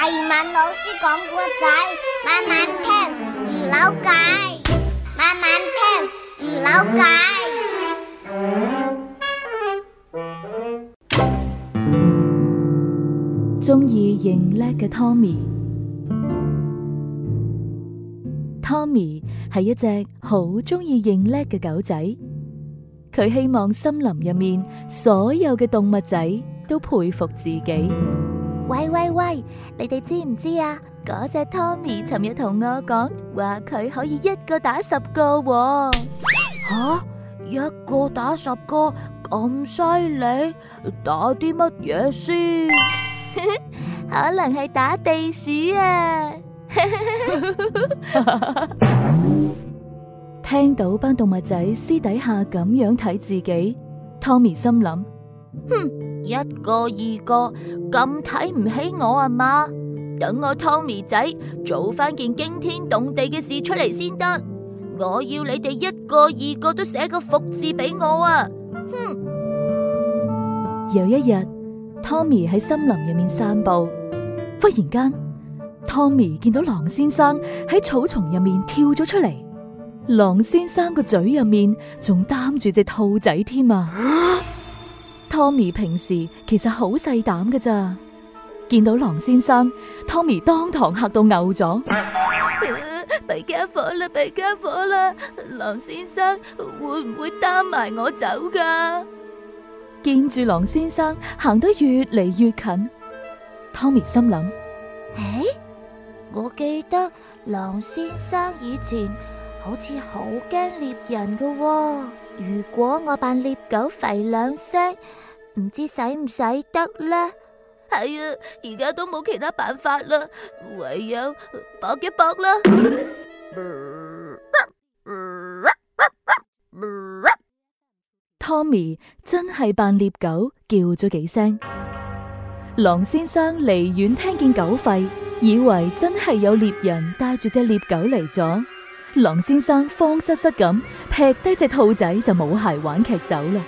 慧敏老師講古仔，慢慢聽，唔扭計；慢慢聽，唔扭計。中意認叻嘅 Tommy，Tommy 係一隻好中意認叻嘅狗仔，佢希望森林入面所有嘅動物仔都佩服自己。喂喂喂，你哋知唔知啊？嗰隻 Tommy 尋日同我講話佢可以一個打十個，吓一個打十個咁犀利，打啲乜嘢先？可能係打地鼠啊！聽到班動物仔私底下咁樣睇自己，Tommy 心諗，哼。一個二個咁睇唔起我啊嘛！等我湯米仔做翻件驚天動地嘅事出嚟先得。我要你哋一個二個都寫個服字俾我啊！哼。有一日，湯米喺森林入面散步，忽然間，湯米見到狼先生喺草叢入面跳咗出嚟，狼先生個嘴入面仲擔住隻兔仔添啊！Tommy 平時其實好細膽嘅咋，見到狼先生，Tommy 當堂嚇到嘔咗。被家 火啦，被家火啦，狼先生會唔會擔埋我走噶？見住狼先生行得越嚟越近，Tommy 心諗：唉、哎，我記得狼先生以前好似好驚獵人嘅、哦。如果我扮獵狗吠兩聲，唔知使唔使得呢？係啊，而家都冇其他辦法啦，唯有搏一搏啦。湯米真係扮獵狗叫咗幾聲，狼先生離遠聽見狗吠，以為真係有獵人帶住隻獵狗嚟咗。狼先生慌失失咁，劈低隻兔仔就冇鞋玩劇走啦。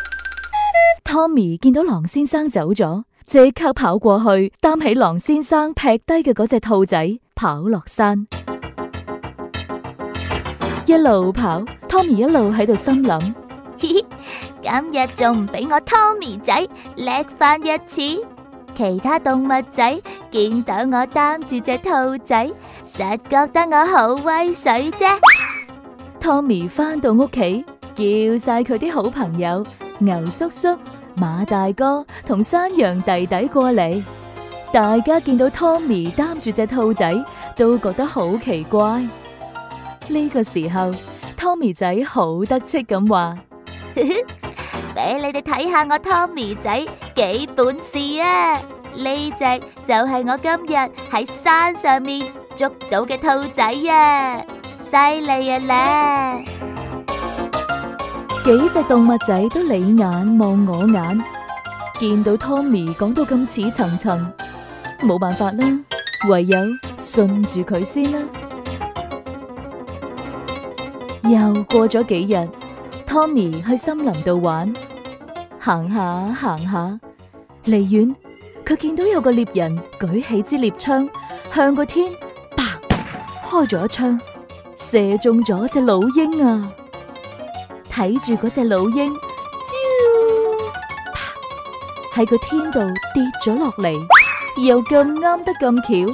Tommy 見到狼先生走咗，即刻跑過去擔起狼先生劈低嘅嗰隻兔仔，跑落山。一路跑，Tommy 一路喺度心諗： 今日仲唔俾我 Tommy 仔叻翻一次？其他動物仔見到我擔住隻兔仔，實覺得我好威水啫。湯米翻到屋企，叫晒佢啲好朋友牛叔叔、馬大哥同山羊弟弟過嚟。大家見到湯米擔住隻兔仔，都覺得好奇怪。呢個時候，湯米仔好得戚咁話：俾你哋睇下我湯米仔幾本事啊！呢隻就係我今日喺山上面捉到嘅兔仔啊，犀利啊咧！幾隻動物仔都你眼望我眼，見到 Tommy 講到咁似層層，冇辦法啦，唯有信住佢先啦。又過咗幾日，Tommy 去森林度玩，行下行下，離遠佢見到有個獵人舉起支獵槍向個天開咗一槍，射中咗隻老鷹啊！睇住嗰隻老鷹，啾，啪，喺個天度跌咗落嚟，又咁啱得咁巧，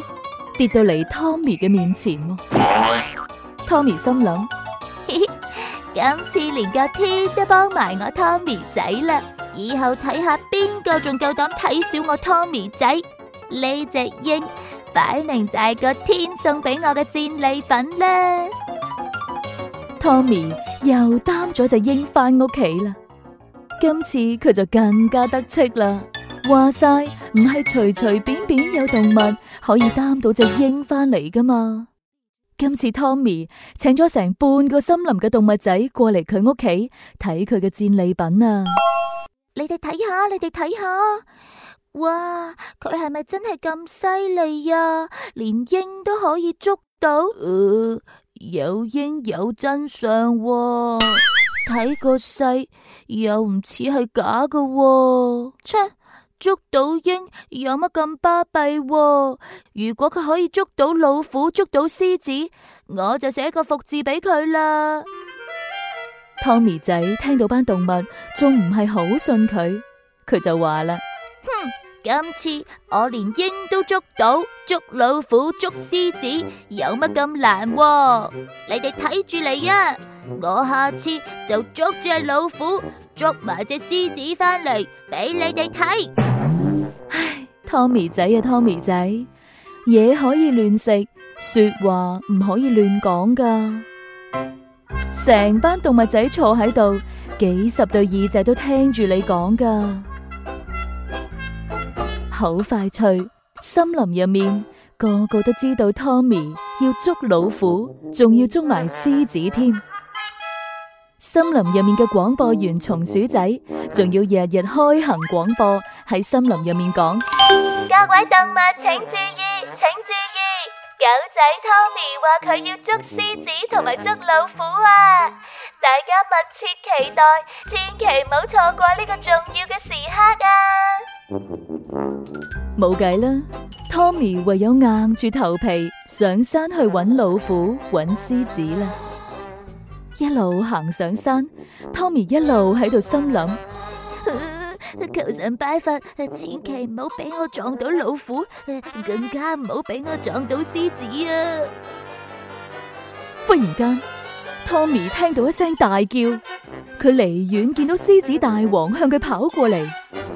跌到嚟 Tommy 嘅面前啊。Tommy 心諗： 今次連個天都幫埋我 Tommy 仔啦！以後睇下邊個仲夠膽睇小我 Tommy 仔呢隻鷹。擺明就係個天送俾我嘅戰利品啦！Tommy 又擔咗隻鷹翻屋企啦，今次佢就更加得戚啦。話晒唔係隨隨便便有動物可以擔到隻鷹翻嚟噶嘛？今次 Tommy 請咗成半個森林嘅動物仔過嚟佢屋企睇佢嘅戰利品啊！你哋睇下，你哋睇下。哇！佢係咪真係咁犀利呀？連鷹都可以捉到？呃、有鷹有真相，啊，睇個勢又唔似係假噶，啊。切，捉到鷹有乜咁巴閉？如果佢可以捉到老虎，捉到獅子，我就寫個服字俾佢啦。湯米仔聽到班動物仲唔係好信佢，佢就話啦，哼！今次我連鷹都捉到，捉老虎捉獅子有乜咁難，啊？你哋睇住嚟啊！我下次就捉隻老虎，捉埋隻獅子翻嚟俾你哋睇。 唉，湯米仔啊，湯米仔，嘢可以亂食，說話唔可以亂講噶。成班動物仔坐喺度，幾十對耳仔都聽住你講噶。好快脆！森林入面個個都知道，湯米要捉老虎，仲要捉埋獅子添。森林入面嘅廣播員松鼠仔，仲要日日開行廣播喺森林入面講：各位動物請注意，請注意，狗仔湯米話佢要捉獅子同埋捉老虎啊！大家密切期待，千祈唔好錯過呢個重。冇計啦，Tommy 唯有硬住頭皮上山去揾老虎、揾獅子啦。一路行上山，Tommy 一路喺度心諗：求神拜佛，千祈唔好俾我撞到老虎，更加唔好俾我撞到獅子啊！忽然間，Tommy 聽到一聲大叫，佢離遠見到獅子大王向佢跑過嚟。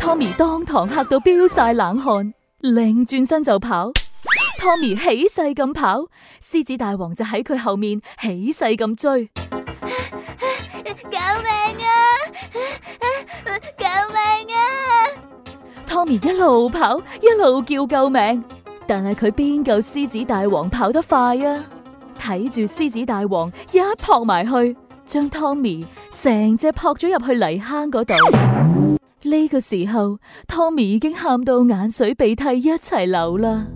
湯米當堂吓到飆晒冷汗，擰轉身就跑。湯米起勢咁跑，獅子大王就喺佢後面起勢咁追。救命啊！救命啊！湯米一路跑，一路叫救命，但係佢邊夠獅子大王跑得快啊？睇住獅子大王一撲埋去，將湯米成隻撲咗入去泥坑嗰度。呢個時候，湯米已經喊到眼水鼻涕一齊流啦。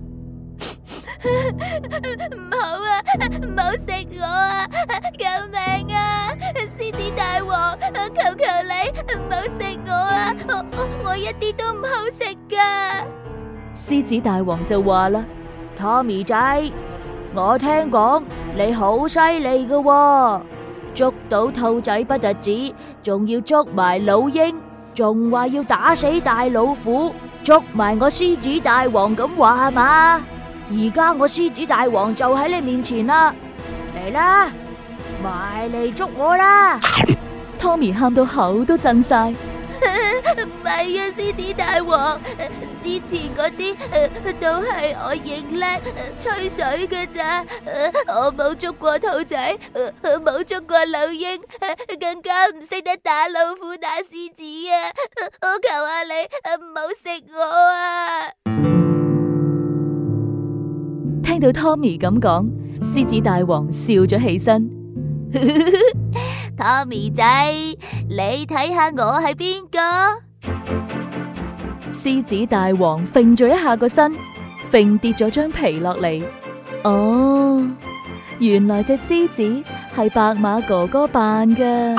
唔好啊，唔好食我啊！救命啊！獅子大王，求求你唔好食我啊！我我一啲都唔好食噶。獅子大王就話啦，湯米仔，我聽講你好犀利噶，捉到兔仔不特止，仲要捉埋老鷹。仲話要打死大老虎，捉埋我獅子大王咁話係嘛？而家我獅子大王就喺你面前啦，嚟啦，埋嚟捉我啦 ！Tommy 喊到口都震晒。唔係啊，獅子大王，之前嗰啲都係我認叻吹水嘅咋，我冇捉過兔仔，冇捉過老鷹，更加唔識得打老虎打獅子啊！我求下你，唔好食我啊！聽到 Tommy 咁講，獅子大王笑咗起身，Tommy 仔。你睇下我係邊個？獅子大王揈咗一下個身，揈跌咗張皮落嚟。哦，原來隻獅子係白馬哥哥扮噶。呢、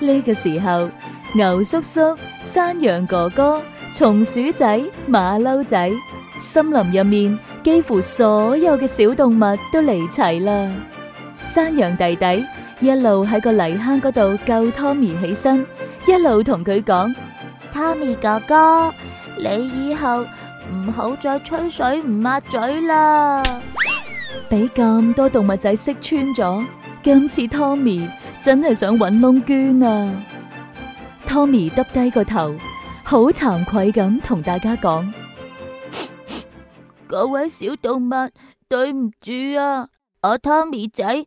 呃、個時候，牛叔叔、山羊哥哥、松鼠仔、馬騮仔，森林入面幾乎所有嘅小動物都嚟齊啦。山羊弟弟。一路喺個泥坑嗰度救湯米起身，一路同佢講：湯米哥哥，你以後唔好再吹水唔抹嘴啦！俾咁 多動物仔識穿咗，今次湯米真係想揾窿捐啊！湯米耷低個頭，好慚愧咁同大家講： 各位小動物，對唔住啊，我湯米仔。